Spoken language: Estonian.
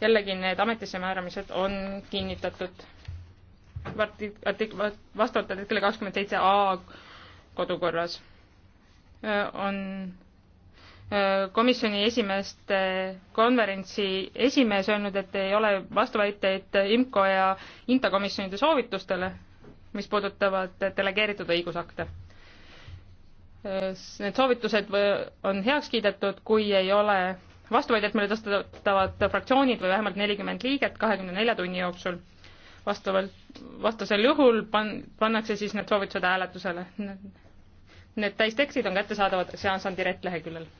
jällegi need ametisse määramised on kinnitatud artik-, vastavalt artikli kakskümmend seitse A kodukorras äh, on äh, komisjoni esimeeste konverentsi esimees öelnud, et ei ole vastuväiteid IMCO ja INTA komisjonide soovitustele, mis puudutavad delegeeritud õigusakte. Äh, need soovitused on heaks kiidetud, kui ei ole vastuvõtjat, mille tõstatavad fraktsioonid või vähemalt nelikümmend liiget kahekümne nelja tunni jooksul. vastavalt, vastasel juhul pan-, pannakse siis need soovitused hääletusele. Need täistekstid on kättesaadavad Seanssandi retleheküljel